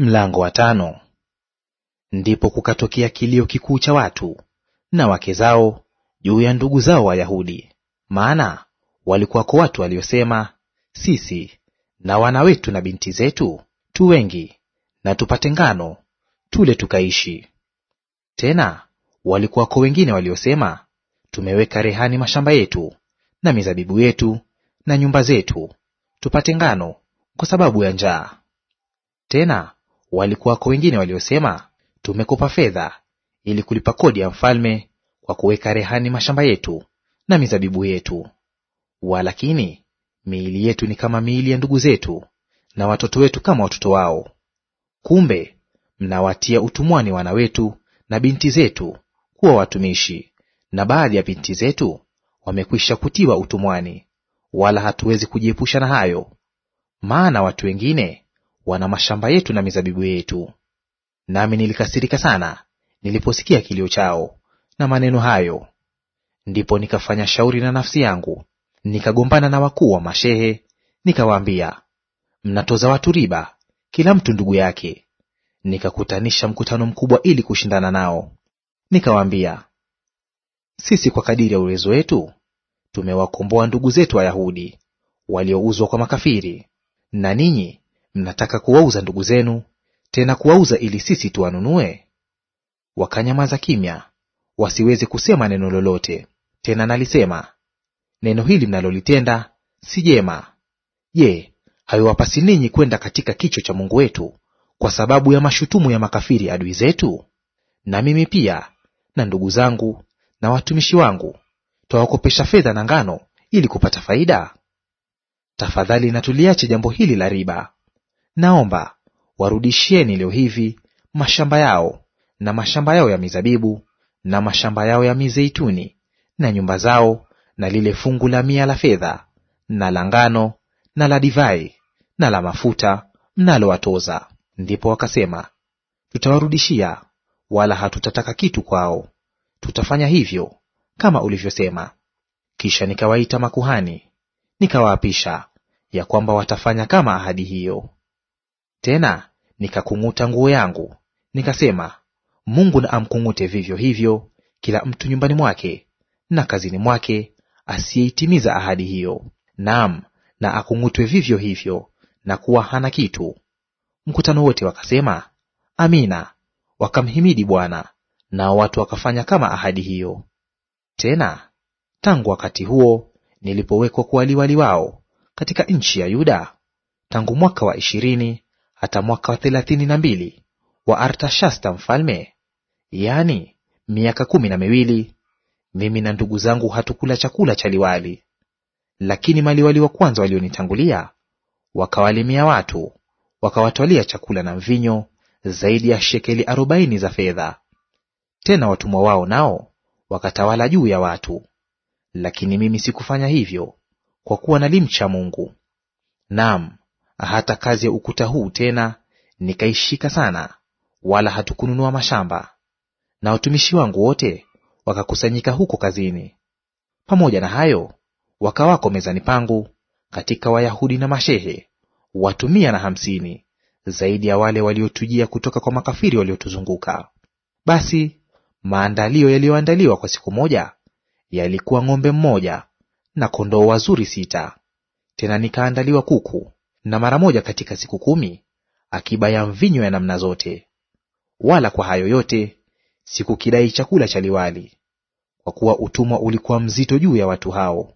Mlango wa tano. Ndipo kukatokea kilio kikuu cha watu na wake zao juu ya ndugu zao Wayahudi, maana walikuwako watu waliosema, sisi na wana wetu na binti zetu tu wengi, na tupate ngano tule tukaishi. Tena walikuwako wengine waliosema, tumeweka rehani mashamba yetu na mizabibu yetu na nyumba zetu, tupate ngano kwa sababu ya njaa. Tena Walikuwako wengine waliosema, tumekopa fedha ili kulipa kodi ya mfalme kwa kuweka rehani mashamba yetu na mizabibu yetu. Walakini miili yetu ni kama miili ya ndugu zetu, na watoto wetu kama watoto wao. Kumbe mnawatia utumwani wana wetu na binti zetu kuwa watumishi, na baadhi ya binti zetu wamekwisha kutiwa utumwani, wala hatuwezi kujiepusha na hayo. Maana watu wengine wana mashamba yetu na mizabibu yetu. Nami nilikasirika sana niliposikia kilio chao na maneno hayo. Ndipo nikafanya shauri na nafsi yangu, nikagombana na wakuu wa mashehe, nikawaambia, mnatoza watu riba, kila mtu ndugu yake. Nikakutanisha mkutano mkubwa ili kushindana nao. Nikawaambia, sisi kwa kadiri ya uwezo wetu tumewakomboa ndugu zetu Wayahudi waliouzwa kwa makafiri, na ninyi mnataka kuwauza ndugu zenu, tena kuwauza ili sisi tuwanunue? Wakanyamaza kimya, wasiweze kusema neno lolote. Tena nalisema, neno hili mnalolitenda si jema. Je, haiwapasi ninyi kwenda katika kicho cha Mungu wetu kwa sababu ya mashutumu ya makafiri adui zetu? Na mimi pia na ndugu zangu na watumishi wangu twawakopesha fedha na ngano ili kupata faida? Tafadhali na tuliache jambo hili la riba naomba warudishieni leo hivi mashamba yao na mashamba yao ya mizabibu na mashamba yao ya mizeituni na nyumba zao na lile fungu la mia la fedha na la ngano na la divai na la mafuta mnalowatoza. Ndipo wakasema, tutawarudishia, wala hatutataka kitu kwao; tutafanya hivyo kama ulivyosema. Kisha nikawaita makuhani nikawaapisha, ya kwamba watafanya kama ahadi hiyo. Tena nikakung'uta nguo yangu, nikasema, Mungu na amkung'ute vivyo hivyo kila mtu nyumbani mwake na kazini mwake asiyeitimiza ahadi hiyo; naam, na akung'utwe vivyo hivyo na kuwa hana kitu. Mkutano wote wakasema, Amina, wakamhimidi Bwana. Nao watu wakafanya kama ahadi hiyo. Tena tangu wakati huo nilipowekwa kuwa liwali wao katika nchi ya Yuda, tangu mwaka wa ishirini hata mwaka wa thelathini na mbili wa Artashasta mfalme, yaani miaka kumi na miwili, mimi na ndugu zangu hatukula chakula cha liwali. Lakini maliwali wa kwanza walionitangulia wakawalimia watu, wakawatwalia chakula na mvinyo zaidi ya shekeli arobaini za fedha. Tena watumwa wao nao wakatawala juu ya watu. Lakini mimi sikufanya hivyo, kwa kuwa nalimcha Mungu. Naam, hata kazi ya ukuta huu tena nikaishika sana, wala hatukununua mashamba. Na watumishi wangu wote wakakusanyika huko kazini. Pamoja na hayo, wakawako mezani pangu katika Wayahudi na mashehe watu mia na hamsini, zaidi ya wale waliotujia kutoka kwa makafiri waliotuzunguka. Basi maandalio yaliyoandaliwa kwa siku moja yalikuwa ng'ombe mmoja na kondoo wazuri sita. Tena nikaandaliwa kuku na mara moja katika siku kumi akiba ya mvinyo ya namna zote. Wala kwa hayo yote sikukidai chakula cha liwali, kwa kuwa utumwa ulikuwa mzito juu ya watu hao.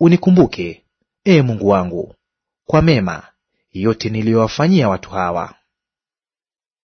Unikumbuke, ee Mungu wangu, kwa mema yote niliyowafanyia watu hawa.